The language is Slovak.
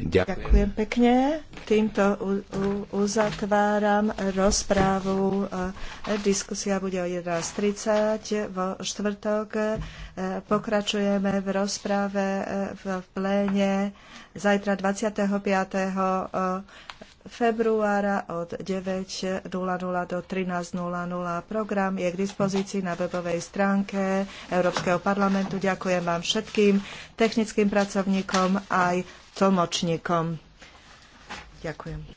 Ďakujem. pekne. Týmto uzatváram rozprávu. E, diskusia bude o 11.30 vo štvrtok. E, pokračujeme v rozprave e, v pléne zajtra 25 februára od 9.00 do 13.00. Program je k dispozícii na webovej stránke Európskeho parlamentu. Ďakujem vám všetkým technickým pracovníkom aj tlmočníkom. Ďakujem.